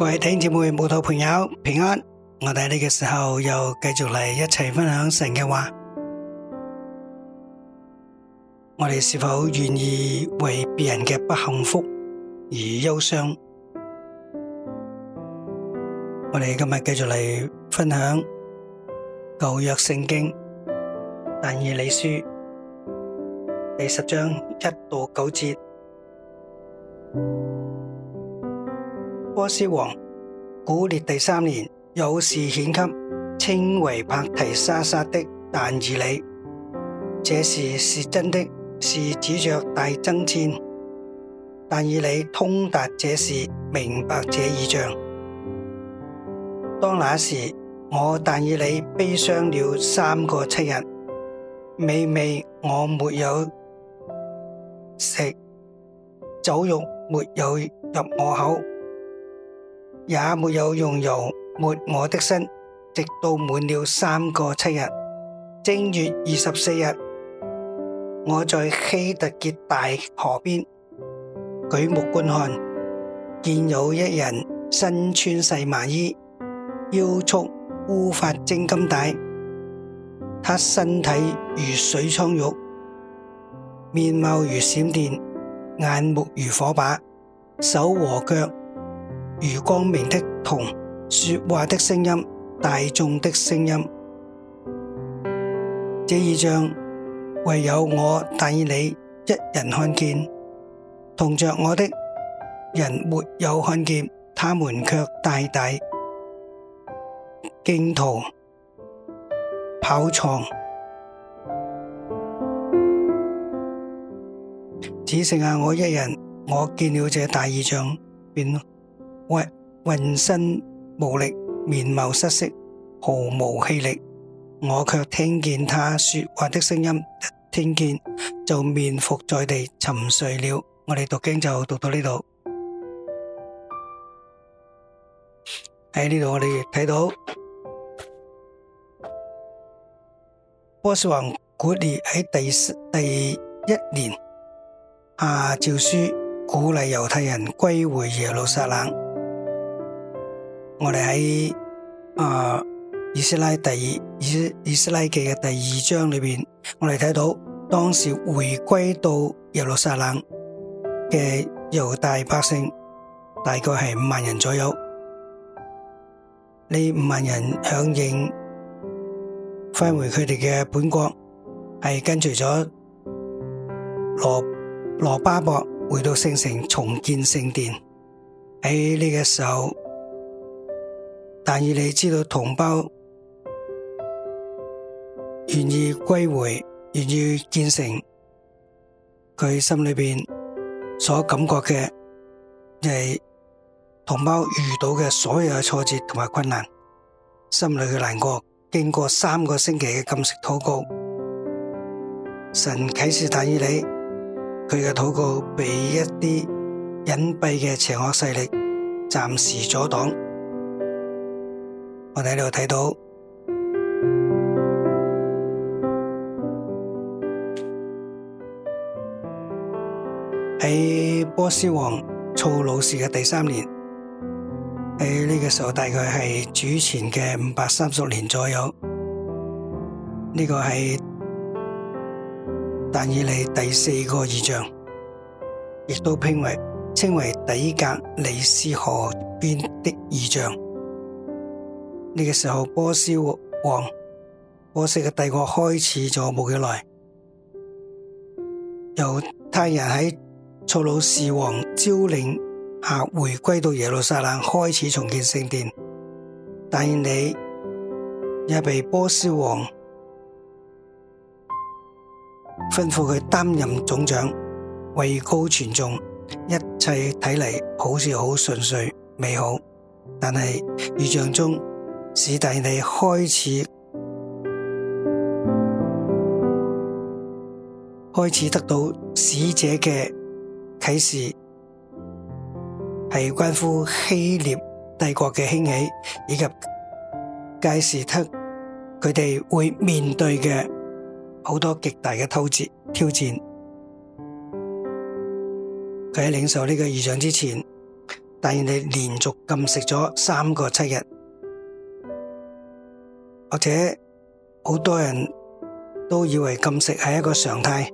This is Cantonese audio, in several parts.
各位弟兄姊妹，慕道朋友平安。我哋呢個時候，又繼續嚟一齊分享神嘅話。我哋是否願意為別人嘅不幸福而憂傷？我哋今日繼續嚟分享舊約聖經但以理書第十章一到九節。波斯王古列第三年，有事顯給稱為伯提沙撒的但以理，這事是真的，是指着大爭戰。但以理通達這事，明白這異象。當那時，我但以理悲傷了三個七日，美味我沒有食，酒肉沒有入我口。也沒有用油抹我的身，直到滿了三個七日。正月二十四日，我在希底結大河邊舉目觀看，見有一人身穿細麻衣，腰束烏髮精金帶，他身體如水蒼玉，面貌如閃電，眼目如火把，手和腳。如光明的同說話的聲音，大眾的聲音，這異象唯有我但以理一人看見，同着我的人沒有看見，他們卻大大驚逃跑藏，只剩下我一人，我見了這大異象便。渾身無力，面貌失色，毫無氣力。我卻聽見他說話的聲音，一聽見就面伏在地沉睡了。我哋讀經就讀到呢度。喺呢度我哋睇到波斯王古列喺第十第一年下詔書，鼓勵猶太人歸回耶路撒冷。我哋喺啊《以斯拉》第二《以，以斯拉記》嘅第二章裏邊，我哋睇到當時回歸到耶路撒冷嘅猶大百姓，大概係五萬人左右。呢五萬人響應返回佢哋嘅本國，係跟隨咗羅羅巴伯回到聖城重建聖殿。喺呢個時候。但以理知道同胞願意歸回、願意建成，佢心裏邊所感覺嘅，就係同胞遇到嘅所有嘅挫折同埋困難，心裏嘅難過，經過三個星期嘅禁食禱告，神啟示但以理，佢嘅禱告被一啲隱蔽嘅邪惡勢力暫時阻擋。我喺度睇到，喺波斯王塞魯士嘅第三年，喺呢個時候大概係主前嘅五百三十年左右。呢、這個係但以理第四個異象，亦都評為稱為底格里斯河邊的異象。呢個時候，波斯王波斯嘅帝國開始咗冇幾耐，猶太人喺措魯士王招領下回歸到耶路撒冷，開始重建聖殿。但以理也被波斯王吩咐佢擔任總長，位高權重，一切睇嚟，好似好順遂美好，但係預象中。使但以理開始開始得到使者嘅啟示，係關乎希臘帝國嘅興起，以及屆時特佢哋會面對嘅好多極大嘅偷戰、挑戰，佢喺領受呢個異象之前，但以理連續禁食咗三個七日。或者好多人都以為禁食係一個常態，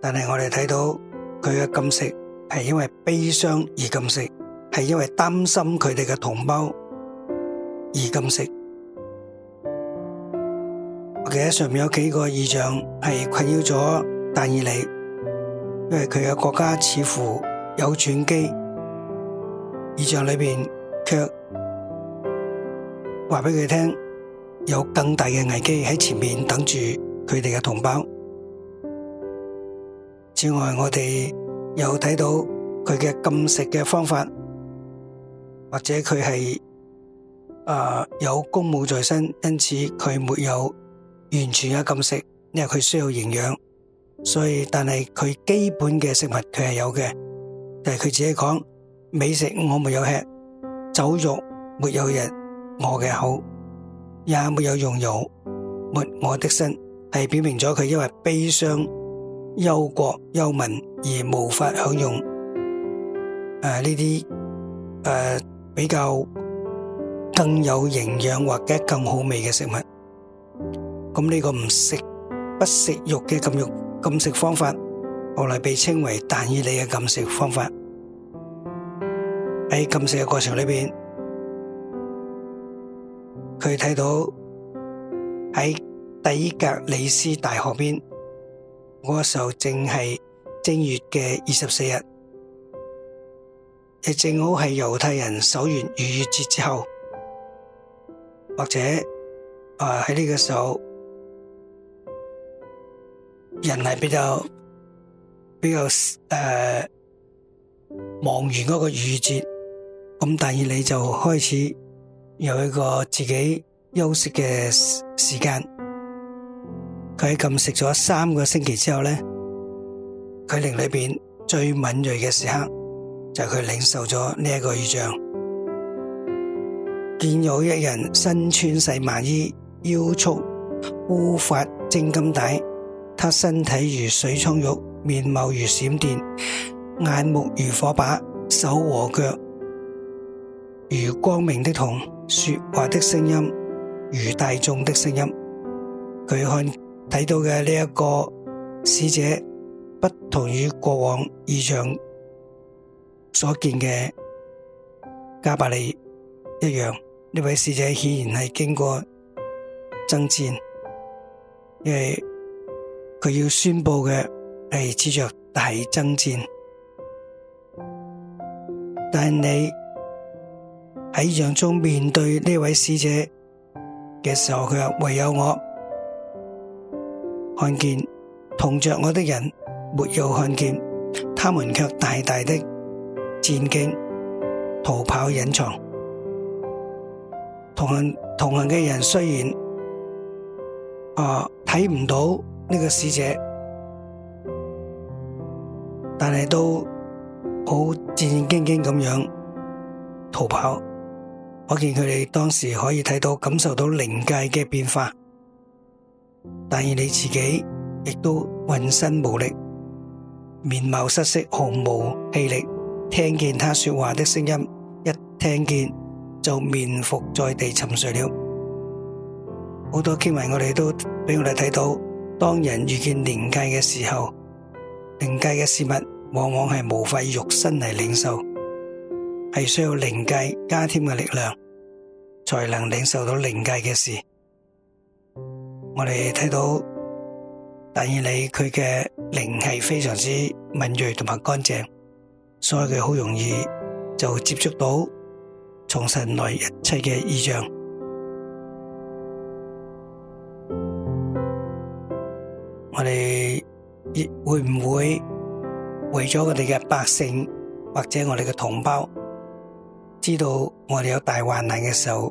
但係我哋睇到佢嘅禁食係因為悲傷而禁食，係因為擔心佢哋嘅同胞而禁食。我記得上面有幾個異象係困擾咗但以理，因為佢嘅國家似乎有轉機，異象裏邊卻。話俾佢聽，有更大嘅危機喺前面等住佢哋嘅同胞。此外，我哋又睇到佢嘅禁食嘅方法，或者佢係啊有公務在身，因此佢沒有完全嘅禁食，因為佢需要營養。所以，但係佢基本嘅食物佢係有嘅，但係佢自己講美食我沒有吃，酒肉沒有入。我嘅口也沒有用油抹，我的身係表明咗佢，因為悲傷、憂國、憂民而無法享用誒呢啲誒比較更有營養或者更好味嘅食物。咁呢個唔食不食肉嘅禁肉禁食方法，後來被稱為但以理嘅禁食方法。喺禁食嘅過程裏邊。佢睇到喺底格里斯大河邊嗰時候正是正，正係正月嘅二十四日，亦正好係猶太人守完逾越節之後，或者啊喺呢個時候，人係比較比較誒忙、啊、完嗰個逾越節，咁第二你就開始。有一個自己休息嘅時間，佢喺禁食咗三個星期之後呢，佢靈裏邊最敏銳嘅時刻，就佢、是、領受咗呢一個預象，見有一人身穿細麻衣，腰束烏髮，烏髮精金帶，他身體如水蒼玉，面貌如閃電，眼目如火把，手和腳如光明的銅。說話的聲音如大眾的聲音，佢看睇到嘅呢一個使者，不同於過往以上所見嘅加百利一樣，呢位使者顯然係經過爭戰，因為佢要宣布嘅係指著大爭戰，但係你。喺象中面對呢位使者嘅時候，佢話唯有我看見同着我的人沒有看見，他們卻大大的戰兢逃跑隱藏。同行同行嘅人雖然啊睇唔到呢個使者，但係都好戰戰兢兢咁樣逃跑。可見佢哋當時可以睇到、感受到靈界嘅變化，但係你自己亦都渾身無力、面貌失色、毫無氣力。聽見他說話的聲音，一聽見就面伏在地沉睡了。好多經文我哋都俾我哋睇到，當人遇見靈界嘅時候，靈界嘅事物往往係無法用肉身嚟領受，係需要靈界加添嘅力量。才能領受到靈界嘅事。我哋睇到但以理佢嘅靈氣非常之敏銳同埋乾淨，所以佢好容易就接觸到從神來一切嘅異象。我哋會唔會為咗我哋嘅百姓或者我哋嘅同胞，知道我哋有大患難嘅時候？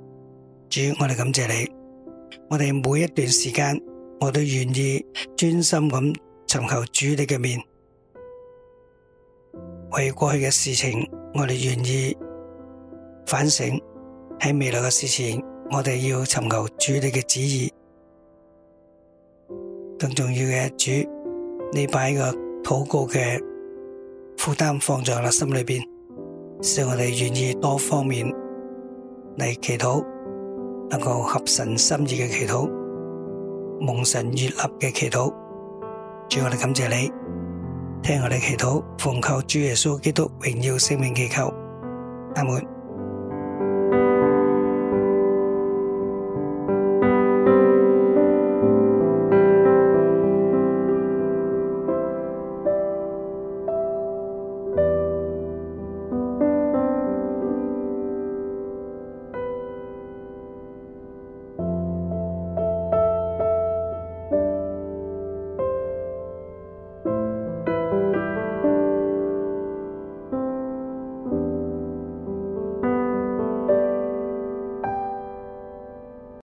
主，我哋感謝你。我哋每一段時間，我都願意專心咁尋求主你嘅面。為過去嘅事情，我哋願意反省；喺未來嘅事情，我哋要尋求主你嘅旨意。更重要嘅，主，你擺個禱告嘅負擔放在啦心裏邊，使我哋願意多方面嚟祈禱。一個合神心意嘅祈禱，蒙神悅納嘅祈禱，主，我哋感謝你，聽我哋祈禱，奉靠主耶穌基督榮耀聖名祈求，阿門。